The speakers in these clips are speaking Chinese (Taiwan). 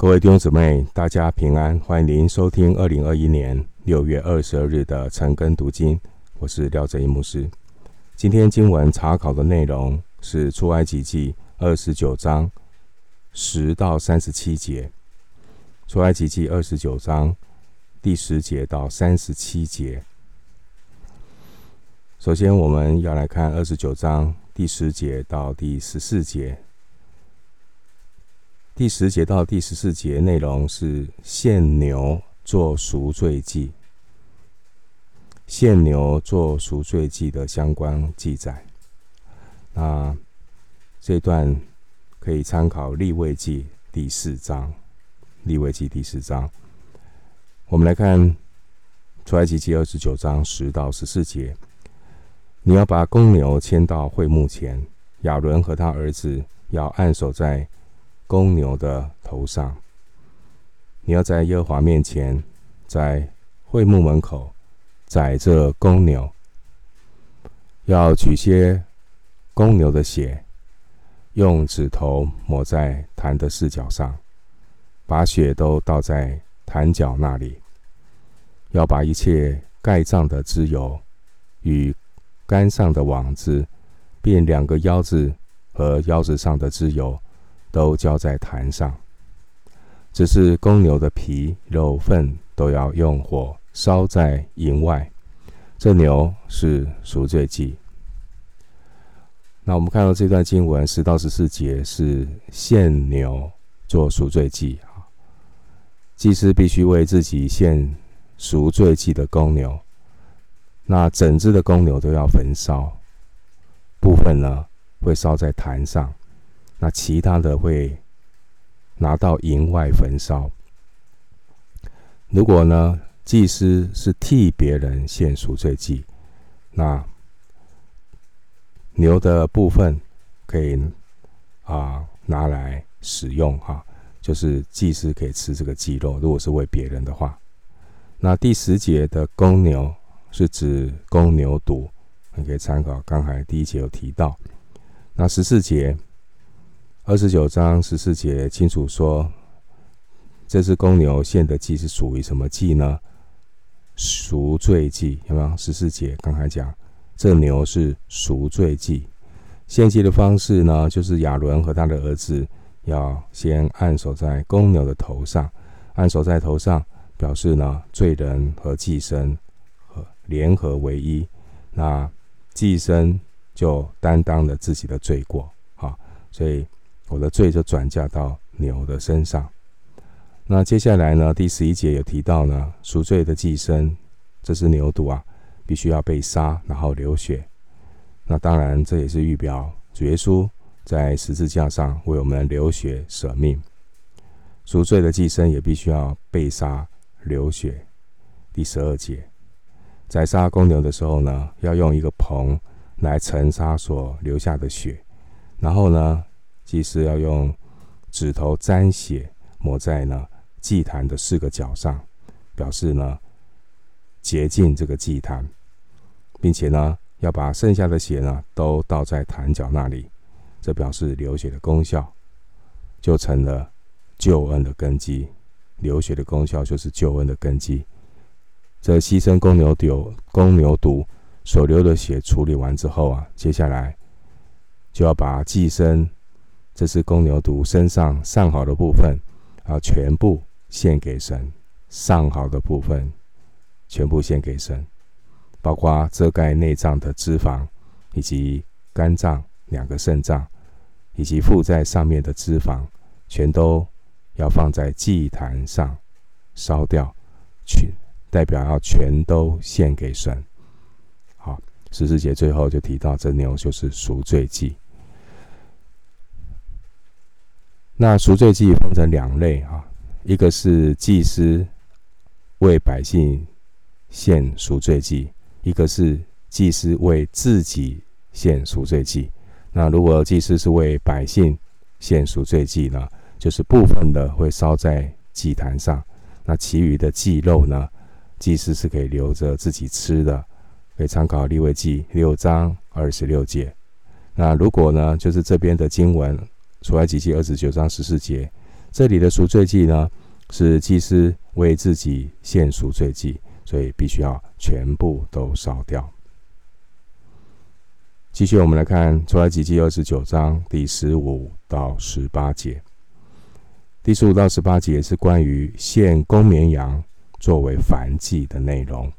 各位弟兄姊妹，大家平安！歡迎您收聽二零二一年六月二十二日的晨更讀經，我是廖正一牧師。今天經文查考的內容是《出埃及記》二十九章十到三十七節，《出埃及記》二十九章第十節到三十七節。首先，我們要來看二十九章第十節到第十四節。第十節到第十四節內容是獻牛做贖罪祭，獻牛做贖罪祭的相關記載。那這段可以參考《利未記》第四章，《利未記》第四章。我們來看《出埃及記》二十九章十到十四節：你要把公牛牽到會幕前，亞倫和他兒子要按手在。公牛的頭上，你要在耶和華面前，在會幕門口，宰這公牛，要取些公牛的血，用指頭抹在壇的四角上，把血都倒在壇腳那裡。要把一切蓋臟的脂油與肝上的網子，並兩個腰子和腰子上的脂油。都澆在壇上，只是公牛的皮肉糞都要用火燒在營外。這牛是贖罪祭。那我們看到這段經文十到十四節是獻牛做贖罪祭啊，祭司必須為自己獻贖罪祭的公牛。那整隻的公牛都要焚燒，部分呢會燒在壇上。那其他的會拿到營外焚燒。如果呢，祭司是替別人獻贖罪祭，那牛的部分可以啊拿來使用哈、啊，就是祭司可以吃這個祭肉。如果是為別人的話，那第十節的公牛是指公牛犢，你可以參考剛才第一節有提到。那十四節。二十九章十四節清楚說，這隻公牛獻的祭是屬於什麼祭呢？贖罪祭有沒有？十四節剛才講，這牛是贖罪祭。獻祭的方式呢，就是亞倫和他的兒子要先按手在公牛的頭上，按手在頭上，表示呢，罪人和祭牲聯合為一，那祭牲就擔當了自己的罪過。所以。我的罪就轉嫁到牛的身上。那接下來呢？第十一節有提到呢，贖罪的祭牲，這是牛犢啊，必須要被殺，然後流血。那當然，這也是預表主耶穌在十字架上為我們流血舍命。贖罪的祭牲也必須要被殺流血。第十二節，宰殺公牛的時候呢，要用一個盆來盛殺所流下的血，然後呢？祭司要用指頭沾血抹在呢祭壇的四個角上，表示呢潔淨這個祭壇，並且呢要把剩下的血呢都倒在壇角那裡，這表示流血的功效，就成了救恩的根基。流血的功效就是救恩的根基。這犧牲公牛丟公牛犢所流的血處理完之後啊，接下來就要把祭牲。這是公牛犢身上上好的部分，啊，全部獻給神。上好的部分全部獻給神，包括遮蓋內臟的脂肪，以及肝臟、兩個腎臟，以及附在上面的脂肪，全都要放在祭壇上燒掉，全代表要全都獻給神。好，十四節最後就提到，這牛就是贖罪祭。那贖罪祭分成兩類啊，一個是祭司為百姓獻贖罪祭，一個是祭司為自己獻贖罪祭。那如果祭司是為百姓獻贖罪祭呢，就是部分的會燒在祭壇上，那其餘的祭肉呢，祭司是可以留着自己吃的。可以參考《利未記》六章二十六節。那如果呢，就是這邊的經文。出埃及記二十九章十四節，這裡的贖罪祭呢，是祭司為自己獻贖罪祭，所以必須要全部都燒掉。繼續，我們來看出埃及記二十九章第十五到十八節。第十五到十八節是關於獻公綿羊作為燔祭的內容。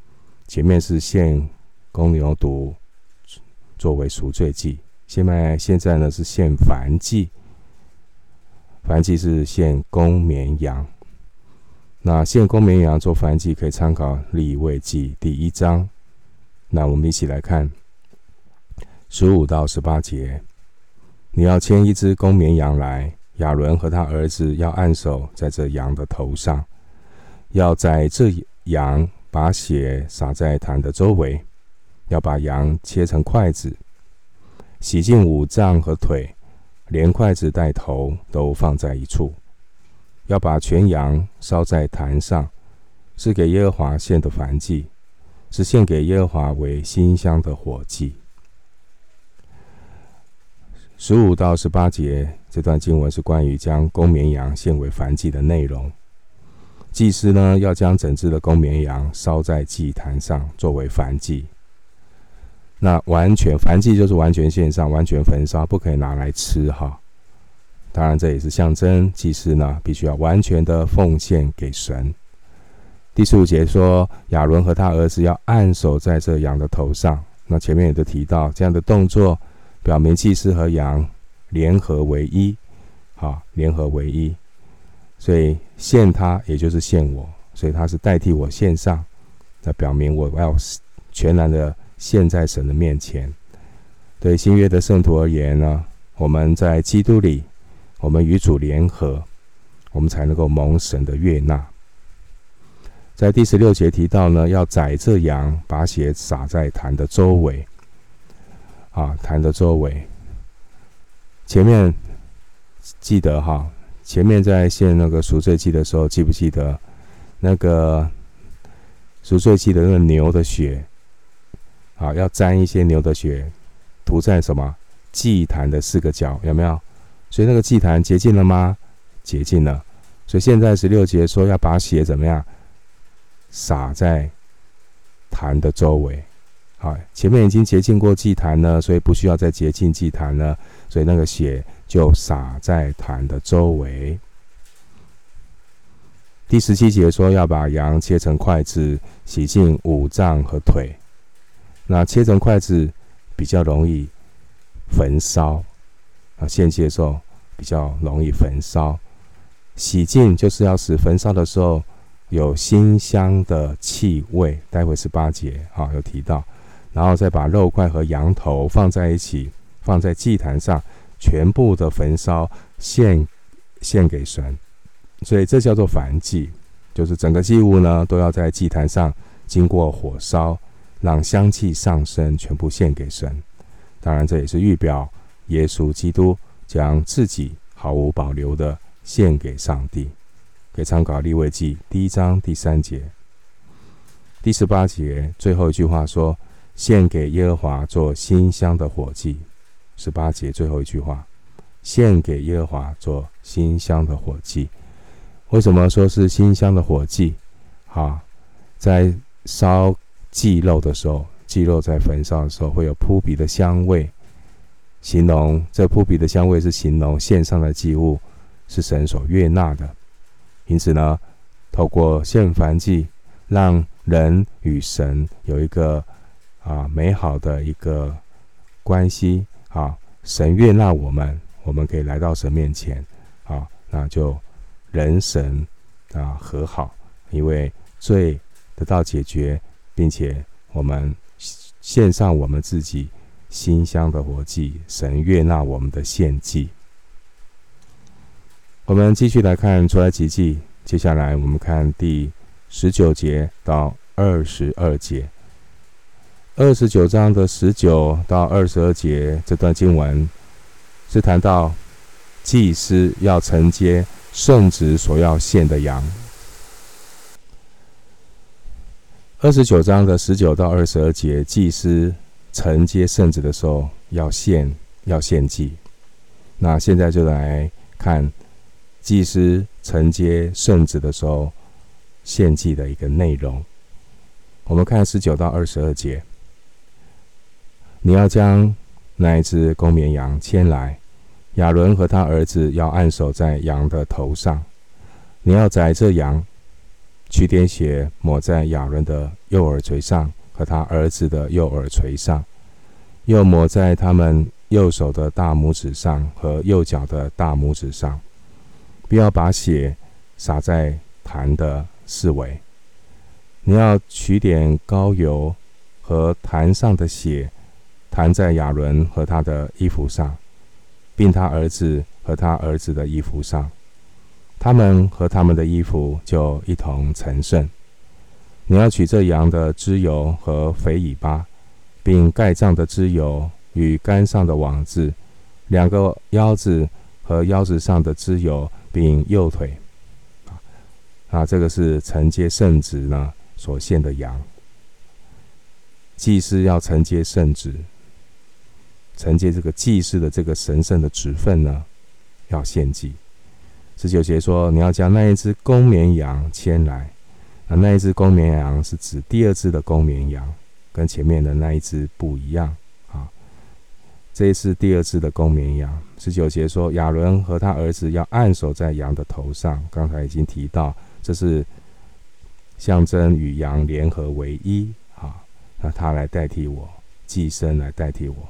前面是獻公牛犢作為贖罪祭，現在現在呢，是獻燔祭。燔祭是獻公綿羊，那獻公綿羊做燔祭可以參考《利未記》第一章。那我們一起來看十五到十八節，你要牽一隻公綿羊來，亞倫和他兒子要按手在這羊的頭上，要宰這羊，把血灑在壇的周圍，要把羊切成塊子，洗淨五臟和腿。連塊子帶頭都放在一處，要把全羊燒在壇上，是給耶和華獻的燔祭，是獻給耶和華為馨香的火祭。十五到十八節這段經文是關於將公綿羊獻為燔祭的內容。祭司呢，要將整隻的公綿羊燒在祭壇上作為燔祭。那完全燔祭就是完全獻上，完全焚燒，不可以拿來吃哈。當然，這也是象徵祭司呢，必須要完全的奉獻給神。第十五節說，亞倫和他兒子要按手在這羊的頭上。那前面也都提到，這樣的動作表明祭司和羊聯合為一，好聯合為一。所以獻他也就是獻我，所以他是代替我獻上，那表明我要全然的。現在神的面前，對新約的聖徒而言呢，我們在基督裡，我們與主聯合，我們才能夠蒙神的悅納。在第十六節提到呢，要宰這羊，把血撒在壇的周圍，啊，壇的周圍。前面記得哈，前面在獻那個贖罪祭的時候，記不記得那個贖罪祭的那個牛的血？好，要沾一些牛的血，塗在什麼？祭壇的四個角，有沒有？所以那個祭壇潔淨了嗎？潔淨了。所以現在十六節說要把血怎麼樣？撒在壇的周圍。好，前面已經潔淨過祭壇呢，所以不需要再潔淨祭壇了，所以那個血就灑在壇的周圍。第十七節說要把羊切成塊子，洗淨五臟和腿。那切成塊子比較容易焚燒，啊，獻祭的時候比較容易焚燒。洗淨就是要使焚燒的時候有馨香的氣味，待會十八節啊有提到，然後再把肉塊和羊頭放在一起，放在祭壇上，全部的焚燒獻獻給神。所以這叫做燔祭，就是整個祭物呢都要在祭壇上經過火燒。讓香氣上升，全部獻給神。當然，這也是預表耶穌基督將自己毫無保留的獻給上帝。給參考《利未記》第一章第三節、第十八節最後一句話說：“獻給耶和華做馨香的火祭。”十八節最後一句話：“獻給耶和華做馨香的火祭。”為什麼說是馨香的火祭？好、啊，在燒。祭肉的時候，祭肉在焚燒的時候，會有撲鼻的香味。形容這撲鼻的香味，是形容獻上的祭物是神所悅納的。因此呢，透過獻燔祭，讓人與神有一個啊美好的一個關係啊，神悅納我們，我們可以來到神面前啊，那就人神啊和好，因為罪得到解決。並且我們獻上我們自己馨香的火祭，神悅納我們的獻祭。我們繼續來看《出埃及記》，接下來我們看第十九節到二十二節。二十九章的十九到二十二節這段經文，是談到祭司要承接聖職所要獻的羊。二十九章的十九到二十二節，祭司承接聖職的時候要獻要獻祭。那現在就來看祭司承接聖職的時候獻祭的一個內容。我們看十九到二十二節，你要將那一隻公綿羊牽來，亞倫和他兒子要按手在羊的頭上，你要宰這羊。取點血抹在亞倫的右耳垂上和他兒子的右耳垂上，又抹在他們右手的大拇指上和右腳的大拇指上。不要把血灑在壇的四圍。你要取點膏油和壇上的血，彈在亞倫和他的衣服上，並他兒子和他兒子的衣服上。他們和他們的衣服就一同成聖。你要取這羊的脂油和肥尾巴，並蓋臟的脂油與肝上的網子，兩個腰子和腰子上的脂油，並右腿。啊，這個是承接聖職呢所獻的羊。祭司要承接聖職。承接這個祭司的這個神聖的職分呢，要獻祭。十九節說，你要將那一只公綿羊牽來。啊，那一只公綿羊是指第二只的公綿羊，跟前面的那一只不一樣啊。這是第二只的公綿羊。十九節說，亞倫和他兒子要按手在羊的頭上。剛才已經提到，這是象徵與羊聯合為一啊。那他來代替我，祭牲來代替我，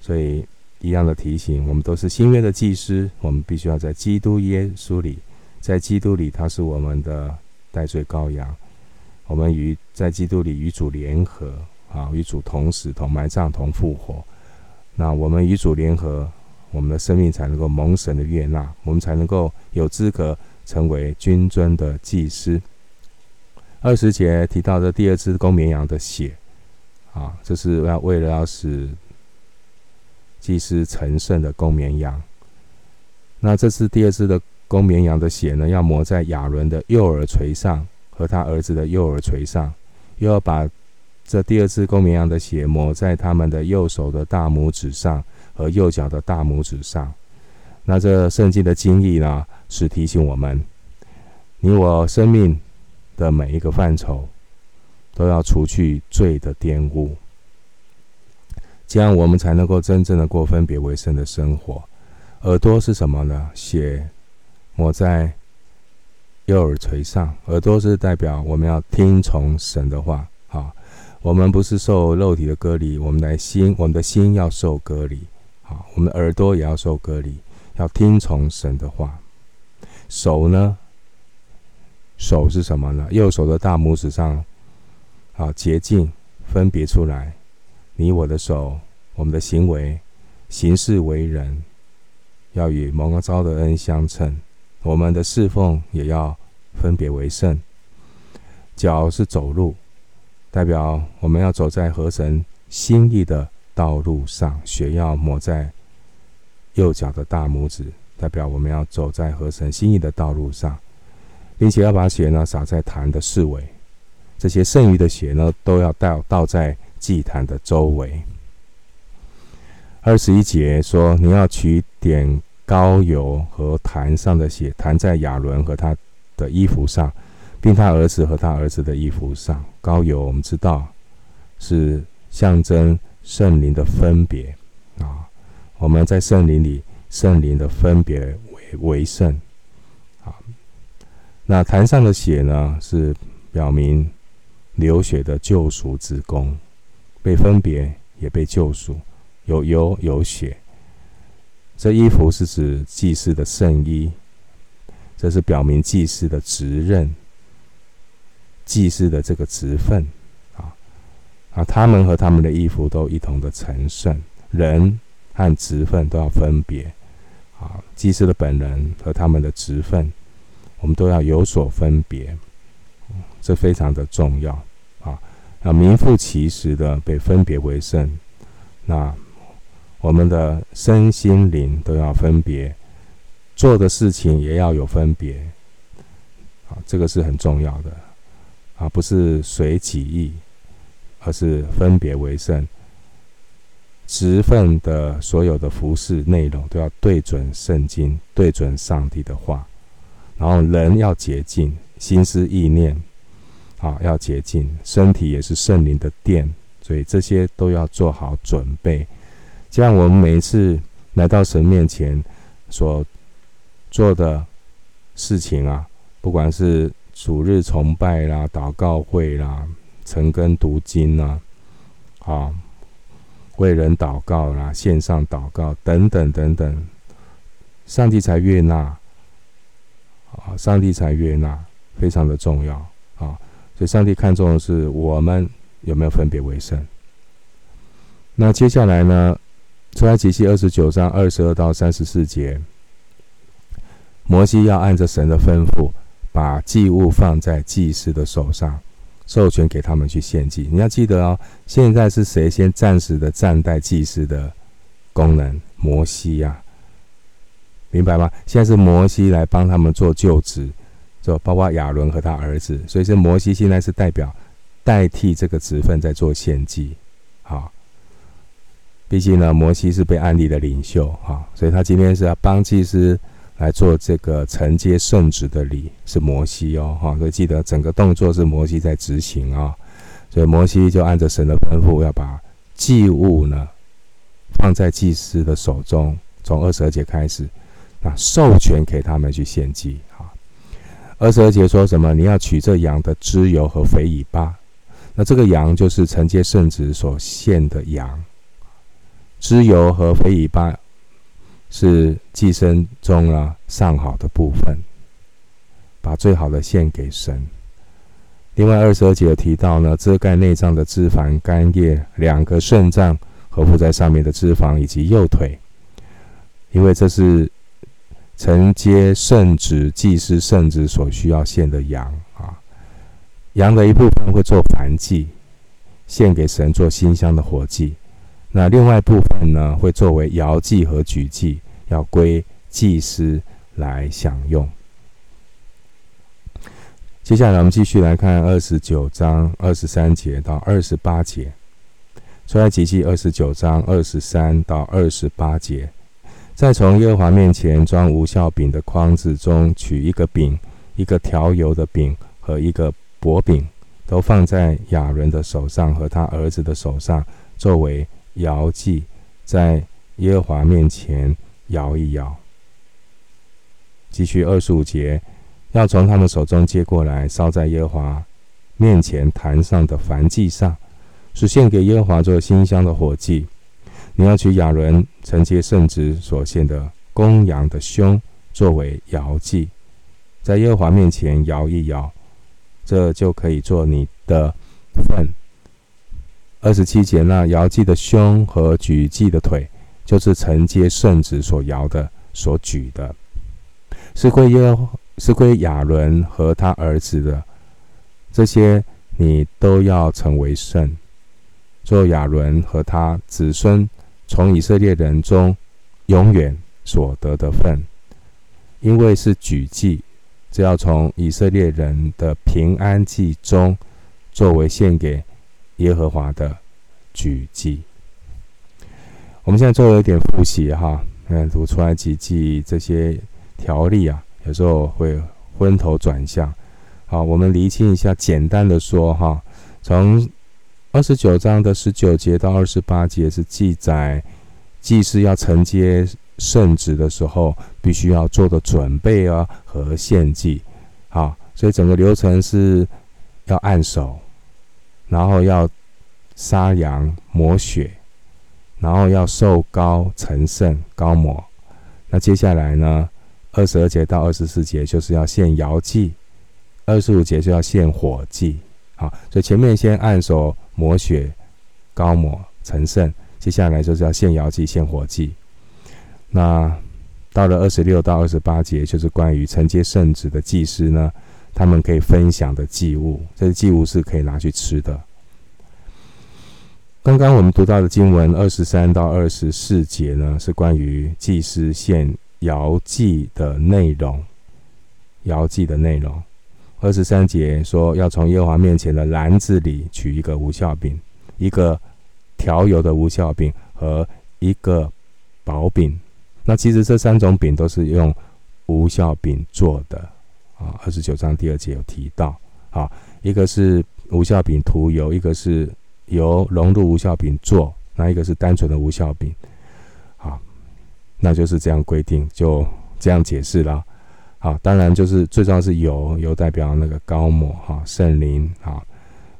所以。一樣的提醒，我們都是新約的祭司，我們必須要在基督耶穌裡，在基督裡他是我們的代罪羔羊，我們與在基督裡與主聯合啊，與主同死同埋葬同復活。那我們與主聯合，我們的生命才能夠蒙神的悅納，我們才能夠有資格成為君尊的祭司。二十節提到的第二隻公綿羊的血，啊，這是要為了要使。祭司成聖的公綿羊，那這只第二只的公綿羊的血呢，要抹在亞倫的右耳垂上和他兒子的右耳垂上，又要把這第二只公綿羊的血抹在他們的右手的大拇指上和右腳的大拇指上。那這聖經的經義呢，是提醒我們，你我生命的每一個範疇，都要除去罪的玷污。這樣我們才能夠真正的過分別為聖的生活。耳朵是什麼呢？血抹在右耳垂上。耳朵是代表我們要聽從神的話。啊，我們不是受肉體的割禮，我們的心，我們的心要受割禮。我們的耳朵也要受割禮，要聽從神的話。手呢？手是什麼呢？右手的大拇指上，啊，潔淨，分別出來。你我的手，我們的行為、行事為人，要與蒙恩召的恩相稱；我們的侍奉也要分別為聖。腳是走路，代表我們要走在合神心意的道路上。血要抹在右腳的大拇指，代表我們要走在合神心意的道路上，並且要把血呢灑在壇的四圍。這些剩餘的血呢，都要倒倒在。祭壇的周圍，二十一節說：“你要取點膏油和壇上的血，彈在亞倫和他的衣服上，並他兒子和他兒子的衣服上。膏油我們知道是象徵聖靈的分別啊。我們在聖靈裡，聖靈的分別為為聖啊。那壇上的血呢，是表明流血的救贖之功。”被分別，也被救贖，有油有血。這衣服是指祭司的聖衣，這是表明祭司的職任、祭司的這個職分啊啊，他們和他們的衣服都一同的成聖，人和職份都要分別啊，祭司的本人和他們的職份，我們都要有所分別，這非常的重要。啊，名副其實的被分別為聖。那我們的身心靈都要分別，做的事情也要有分別。啊，這個是很重要的。啊，不是隨己意，而是分別為聖。職份的所有的服事內容都要對準聖經，對準上帝的話。然後人要潔淨心思意念。啊，要潔淨身體，也是聖靈的殿，所以這些都要做好準備。這樣，我們每次來到神面前所做的事情啊，不管是主日崇拜啦、禱告會啦、晨更讀經啦，啊，為人禱告啦、線上禱告等等等等，上帝才悅納啊，上帝才悅納，非常的重要。所以上帝看重的是我們有沒有分別為聖。那接下來呢？出埃及記二十九章二十二到三十四節，摩西要按着神的吩咐，把祭物放在祭司的手上，授權給他們去獻祭。你要記得哦，現在是誰先暫時的站在祭司的功能？摩西呀、啊，明白嗎？現在是摩西來幫他們做就職。就包括亞倫和他兒子，所以是摩西現在是代表代替這個職分在做獻祭，好、啊。畢竟呢，摩西是被按立的領袖哈、啊，所以他今天是要幫祭司來做這個承接聖職的禮，是摩西哦哈、啊。所以記得整個動作是摩西在執行啊，所以摩西就按着神的吩咐，要把祭物呢放在祭司的手中，從二十二節開始，那、啊、授權給他們去獻祭。二十二節說什麼？你要取這羊的脂油和肥尾巴，那這個羊就是承接聖職所獻的羊，脂油和肥尾巴是祭牲中啊上好的部分，把最好的獻給神。另外，二十二節提到呢，遮蓋內臟的脂肪、肝葉、兩個腎臟和附在上面的脂肪以及右腿，因為這是承接聖職，祭司聖職所需要獻的羊啊，羊的一部分會做燔祭，獻給神做馨香的火祭；那另外一部分呢，會作為搖祭和舉祭，要歸祭司來享用。接下來，我們繼續來看二十九章二十三節到二十八節，出埃及記二十九章二十三到二十八節。再從耶和華面前裝無酵餅的筐子中取一個餅，一個調油的餅和一個薄餅，都放在亞倫的手上和他兒子的手上，作為搖祭，在耶和華面前搖一搖。繼續二十五節，要從他們手中接過來，燒在耶和華面前壇上的燔祭上，是獻給耶和華做馨香的火祭。你要取亞倫承接聖職所獻的公羊的胸作為搖祭，在耶和華面前搖一搖，這就可以做你的份。二十七節那搖祭的胸和舉祭的腿，就是承接聖職所搖的、所舉的，是歸耶和是歸亞倫和他兒子的。這些你都要成為聖，做亞倫和他子孫。從以色列人中永遠所得的份，因為是舉祭，這要從以色列人的平安祭中作為獻給耶和華的舉祭。我們現在做有一點複習哈，嗯，讀出來幾句這些條例啊，有時候會昏頭轉向。好，我們釐清一下，簡單的說哈，從。二十九章的十九節到二十八節是記載祭司要承接聖職的時候必須要做的準備啊和獻祭，好，所以整個流程是要按手，然後要殺羊抹血，然後要受膏成聖膏抹。那接下來呢，二十二節到二十四節就是要獻搖祭，二十五節就要獻火祭，好，所以前面先按手。抹血、膏抹、成聖，接下來就是要獻搖祭、獻火祭。那到了二十六到二十八節，就是關於承接聖職的祭司呢，他們可以分享的祭物，這些祭物是可以拿去吃的。剛剛我們讀到的經文二十三到二十四節呢，是關於祭司獻搖祭的內容，搖祭的內容。二十三節說要從耶和華面前的籃子裡取一個無酵餅，一個調油的無酵餅和一個薄餅。那其實這三種餅都是用無酵餅做的啊。二十九章第二節有提到，啊，一個是無酵餅塗油，一個是由融入無酵餅做，那一個是單純的無酵餅。好，那就是這樣規定，就這樣解釋了。啊，當然就是最重要是油，油代表那個膏抹哈、啊、聖靈啊，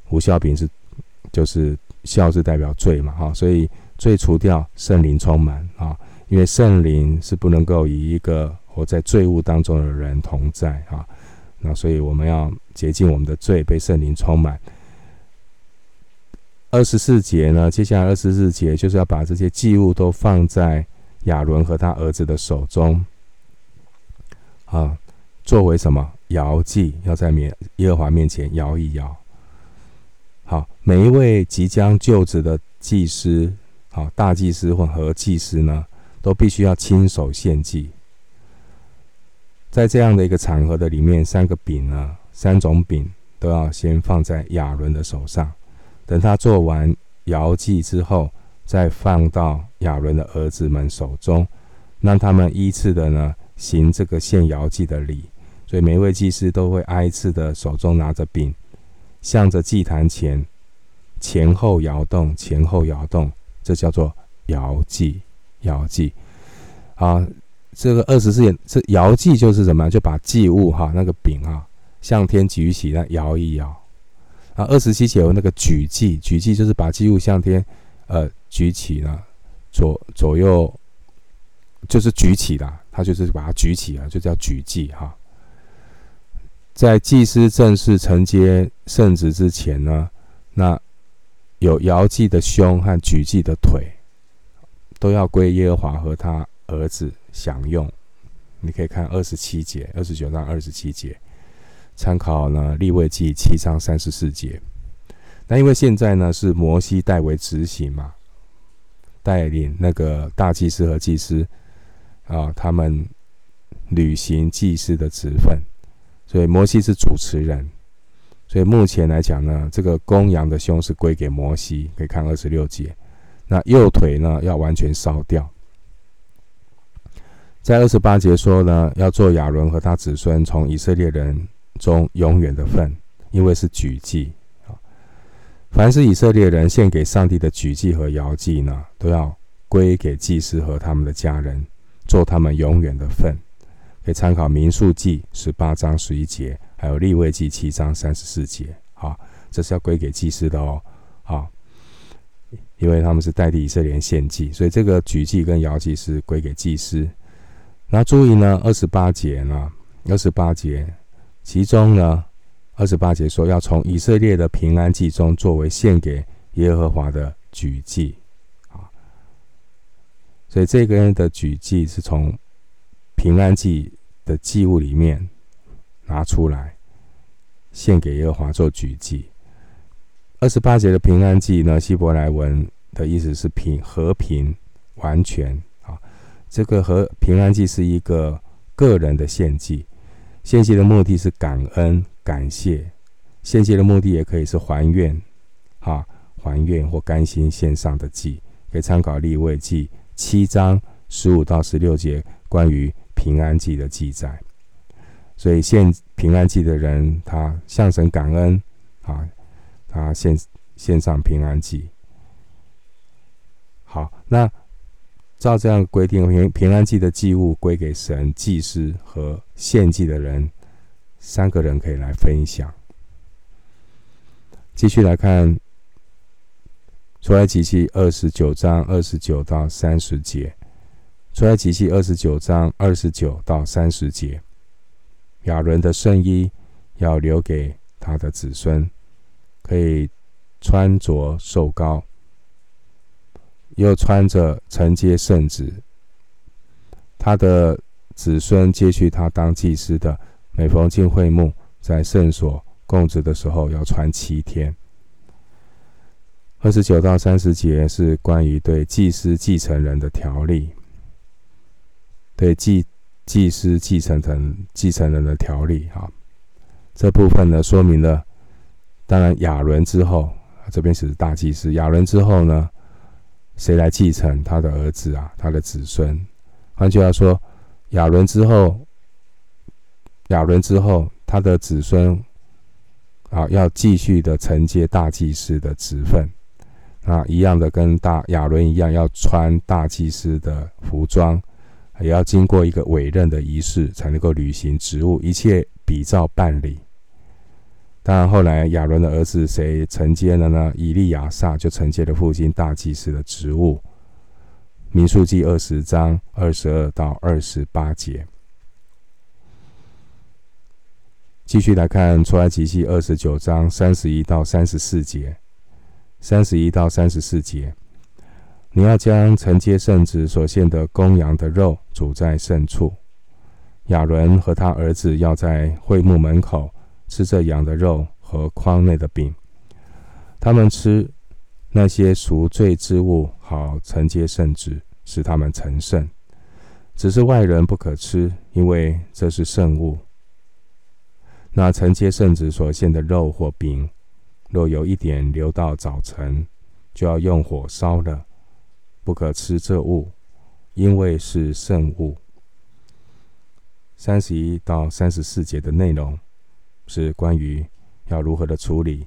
無酵餅是就是酵是代表罪嘛哈、啊，所以罪除掉，聖靈充滿啊，因為聖靈是不能夠與一個活在罪惡當中的人同在啊，那所以我們要潔淨我們的罪，被聖靈充滿。二十四節呢，接下來二十四節就是要把這些祭物都放在亞倫和他兒子的手中。啊，作為什麼搖祭，要在面耶和華面前搖一搖。好，每一位即將就職的祭司，好、啊、大祭司或何祭司呢，都必須要親手獻祭。在這樣的一個場合的裡面，三個餅呢，三種餅都要先放在亞倫的手上，等他做完搖祭之後，再放到亞倫的兒子們手中，讓他們依次的呢。行這個獻搖祭的禮，所以每一位祭司都會挨一次的，手中拿着餅，向着祭壇前前後搖動，前後搖動，這叫做搖祭。搖祭，啊，這個二十四節這搖祭就是什麼？就把祭物哈、啊、那個餅啊，向天舉起，那搖一搖啊。二十七節有那個舉祭，舉祭就是把祭物向天呃舉起了，左左右就是舉起了。他就是把它舉起啊，就叫舉祭哈。在祭司正式承接聖職之前呢，那有搖祭的胸和舉祭的腿，都要歸耶和華和他兒子享用。你可以看二十七節、二十九章二十七節，參考呢利未記七章三十四節。那因為現在呢是摩西代為執行嘛，帶領那個大祭司和祭司。啊，他們履行祭司的職分，所以摩西是主持人。所以目前來講呢，這個公羊的胸是歸給摩西。可以看二十六節，那右腿呢要完全燒掉。在二十八節說呢，要做亞倫和他子孫從以色列人中永遠的份，因為是舉祭。凡是以色列人獻給上帝的舉祭和搖祭呢，都要歸給祭司和他們的家人。做他們永遠的份，可以參考民數記十八章十一節，還有利未記七章三十四節。啊，這是要歸給祭司的哦。啊，因為他們是代替以色列人獻祭，所以這個舉祭跟搖祭是歸給祭司。那注意呢，二十八節呢，二十八節，其中呢，二十八節說要從以色列的平安祭中作為獻給耶和華的舉祭。所以這個人的舉祭是從平安祭的祭物裡面拿出來，獻給耶和華做舉祭。二十八節的平安祭呢，希伯來文的意思是平和平完全啊。這個和平安祭是一個個人的獻祭，獻祭的目的是感恩感謝，獻祭的目的也可以是還願啊，還願或甘心獻上的祭，可以參考利未記。七章十五到十六節關於平安祭的記載，所以獻平安祭的人，他向神感恩，啊，他獻獻上平安祭。好，那照這樣規定，平平安祭的祭物歸給神、祭司和獻祭的人三個人可以來分享。繼續來看。出埃及記二十九章二十九到三十節，出埃及記二十九章二十九到三十節。亞倫的聖衣要留給他的子孫，可以穿着受膏，又穿着承接聖職。他的子孫接續他當祭司的，每逢進會幕在聖所供職的時候，要穿七天。二十九到三十節是關於對祭司繼承人的條例，對祭祭司繼承人繼承人的條例。啊，這部分呢說明了，當然亞倫之後，這邊是大祭司。亞倫之後呢，誰來繼承？他的兒子啊，他的子孫。換句話說，亞倫之後，亞倫之後，他的子孫，啊，要繼續的承接大祭司的職份。啊，一樣的跟大亞倫一樣，要穿大祭司的服裝，也要經過一個委任的儀式，才能夠履行職務，一切比照辦理。當然後來亞倫的兒子誰承接了呢？以利亞撒就承接了父親大祭司的職務。民數記二十章二十二到二十八節，繼續來看出埃及記二十九章三十一到三十四節。三十一到三十四節，你要將承接聖職所獻的公羊的肉煮在聖處。亞倫和他兒子要在會幕門口吃這羊的肉和筐內的餅。他們吃那些贖罪之物，好承接聖職，使他們成聖。只是外人不可吃，因為這是聖物。那承接聖職所獻的肉或餅，若有一點留到早晨，就要用火燒了，不可吃這物，因為是聖物。三十一到三十四節的內容是關於要如何的處理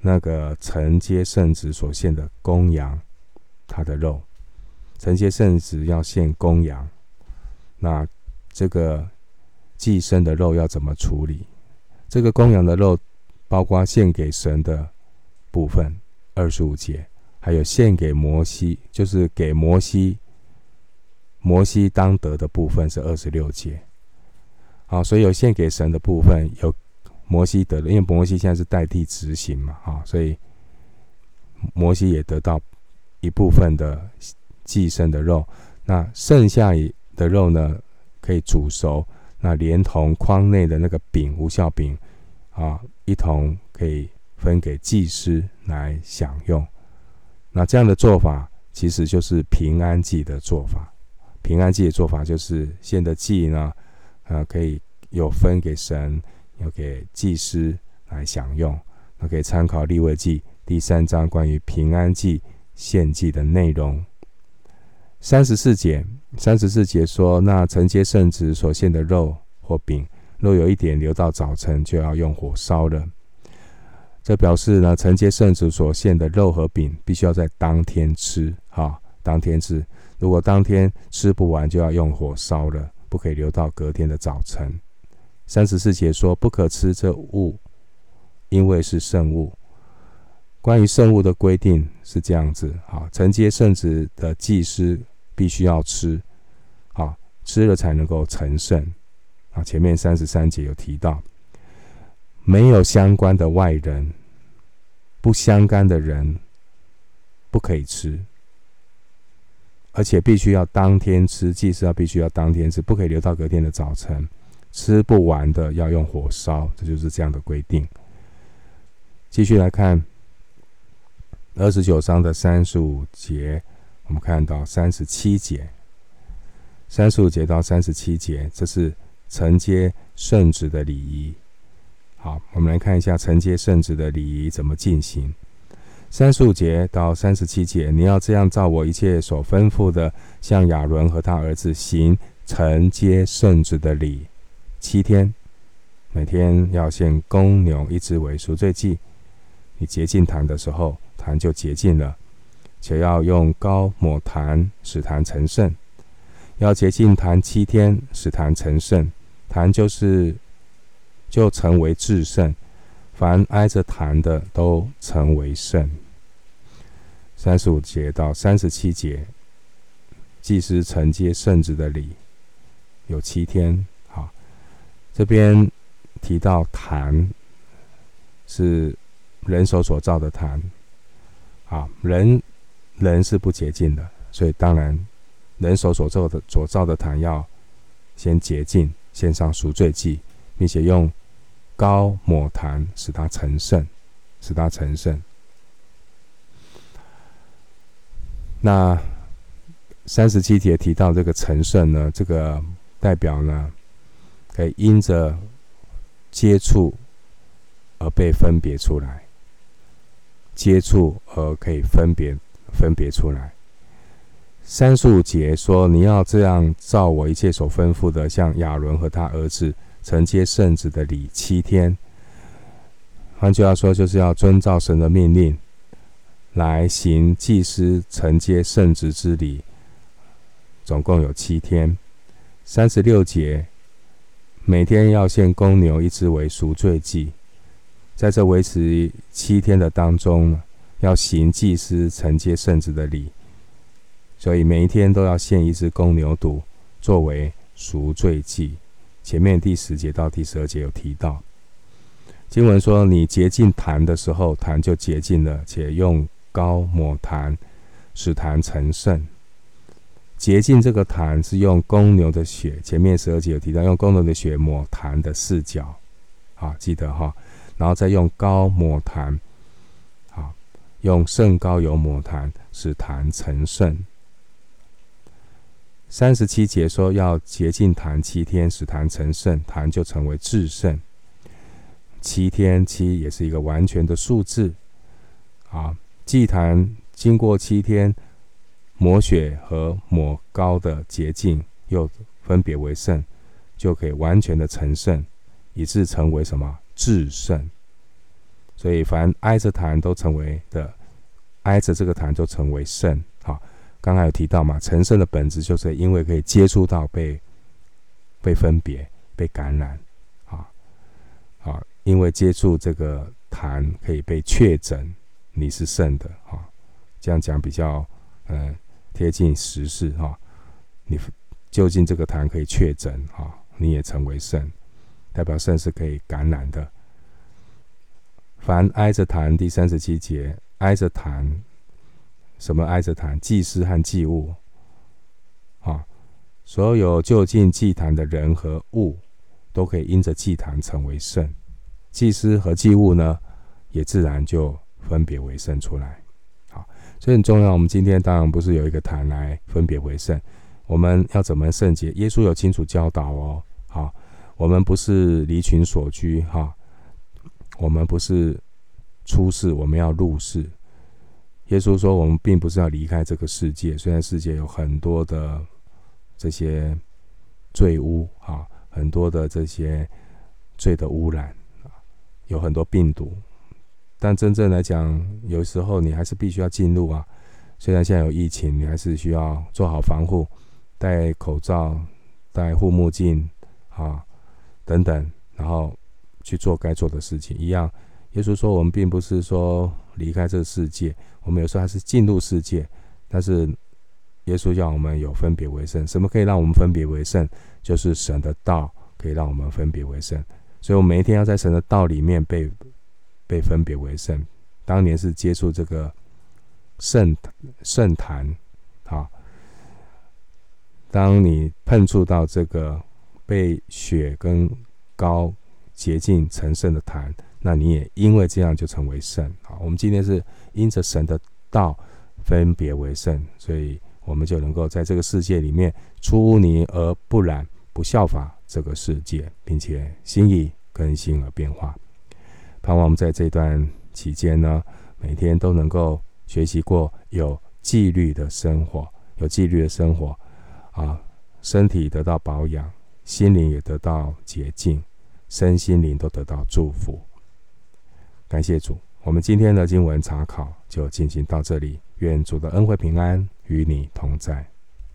那個承接聖職所獻的公羊，它的肉。承接聖職要獻公羊，那這個祭牲的肉要怎麼處理？這個公羊的肉。包括獻給神的部分，二十五節，還有獻給摩西，就是給摩西。摩西當得的部分是二十六節。啊，所以有獻給神的部分，有摩西得的，因為摩西現在是代替執行嘛，啊，所以摩西也得到一部分的祭牲的肉。那剩下的肉呢，可以煮熟，那連同筐內的那個餅，無酵餅，啊。一同可以分給祭司來享用，那這樣的做法其實就是平安祭的做法。平安祭的做法就是獻的祭呢，呃，可以有分給神，有給祭司來享用。那可以參考利未記第三章關於平安祭獻祭的內容。三十四節，三十四節說，那承接聖職所獻的肉或餅。若有一點留到早晨，就要用火燒了。這表示呢，承接聖職所獻的肉和餅，必須要在當天吃，啊，當天吃。如果當天吃不完，就要用火燒了，不可以留到隔天的早晨。三十四節說，不可吃這物，因為是聖物。關於聖物的規定是這樣子，啊，承接聖職的祭司必須要吃，啊，吃了才能夠成聖。啊，前面三十三節有提到，沒有相關的外人、不相干的人，不可以吃，而且必須要當天吃，祭司要必須要當天吃，不可以留到隔天的早晨。吃不完的要用火燒，這就是這樣的規定。繼續來看二十九章的三十五節，我們看到三十七節，三十五節到三十七節，這是。承接聖職的禮儀，好，我們來看一下承接聖職的禮儀怎麼進行。三十五節到三十七節，你要這樣照我一切所吩咐的，向亞倫和他兒子行承接聖職的禮。七天，每天要獻公牛一只為贖罪祭。你潔淨壇的時候，壇就潔淨了，且要用膏抹壇，使壇成聖。要潔淨壇七天，使壇成聖。壇就是就成為至聖，凡挨着壇的都成為聖。三十五節到三十七節，祭司承接聖職的禮有七天。好，這邊提到壇是人手所造的壇啊，人人是不潔淨的，所以當然人手所造的所造的壇要先潔淨。獻上贖罪祭，並且用膏抹壇，使他成聖，使他成聖。那三十七節提到這個成聖呢，這個代表呢，可以因着接觸而被分別出來，接觸而可以分別、分別出來。三十五節說：“你要這樣照我一切所吩咐的，向亞倫和他兒子承接聖職的禮七天。”換句話說，就是要遵照神的命令來行祭司承接聖職之禮，總共有七天。三十六節，每天要獻公牛一只為贖罪祭，在這維持七天的當中，要行祭司承接聖職的禮。所以每一天都要獻一只公牛犢作為贖罪祭前面第十節到第十二節有提到，經文說：“你潔淨壇的時候，壇就潔淨了，且用膏抹壇，使壇成聖。”潔淨這個壇是用公牛的血。前面十二節有提到，用公牛的血抹壇的四角，好記得哈、哦。然後再用膏抹壇，好用聖膏油抹壇，使壇成聖。三十七節說要潔淨壇七天，使壇成聖，壇就成為至聖。七天七也是一個完全的數字啊！祭壇經過七天抹血和抹膏的潔淨，又分別為聖，就可以完全的成聖，以致成為什麼至聖？所以，凡挨着壇都成為的，挨着這個壇就成為聖。剛才有提到嘛，成聖的本質就是因為可以接觸到被，被分別、被感染，啊，啊因為接觸這個壇可以被確診你是聖的，哈、啊，這樣講比較嗯、呃、貼近時事，哈、啊，你究竟這個壇可以確診哈、啊，你也成為聖，代表聖是可以感染的。凡挨着壇，第三十七節，挨着壇。什麼？挨著壇，祭司和祭物，啊，所有就近祭壇的人和物，都可以因着祭壇成為聖。祭司和祭物呢，也自然就分別為聖出來。啊、所以很重要。我們今天當然不是有一個壇來分別為聖，我們要怎麼聖潔？耶穌有清楚教導哦。啊、我們不是離群所居，哈、啊，我們不是出世，我們要入世。耶穌說：“我們並不是要離開這個世界，雖然世界有很多的這些罪污啊，很多的這些罪的污染啊，有很多病毒，但真正來講，有時候你還是必須要進入啊。雖然現在有疫情，你還是需要做好防護，戴口罩、戴護目鏡啊等等，然後去做該做的事情一樣。”耶穌說：“我們並不是說離開這個世界，我們有時候還是進入世界。但是，耶穌叫我們有分別為聖。什麼可以讓我們分別為聖？就是神的道可以讓我們分別為聖。所以，我們每一天要在神的道裡面被被分別為聖。當年是接觸這個聖聖壇啊，當你碰觸到這個被血跟膏潔淨成聖的壇。”那你也因為這樣就成為聖啊！我們今天是因着神的道分別為聖，所以我們就能夠在這個世界裡面出污泥而不染，不效法這個世界，並且心意更新而變化。盼望我們在這段期間呢，每天都能夠學習過有紀律的生活，有紀律的生活啊，身體得到保養，心靈也得到潔淨，身心靈都得到祝福。感謝主，我們今天的經文查考就進行到這裡，願主的恩惠平安與你同在。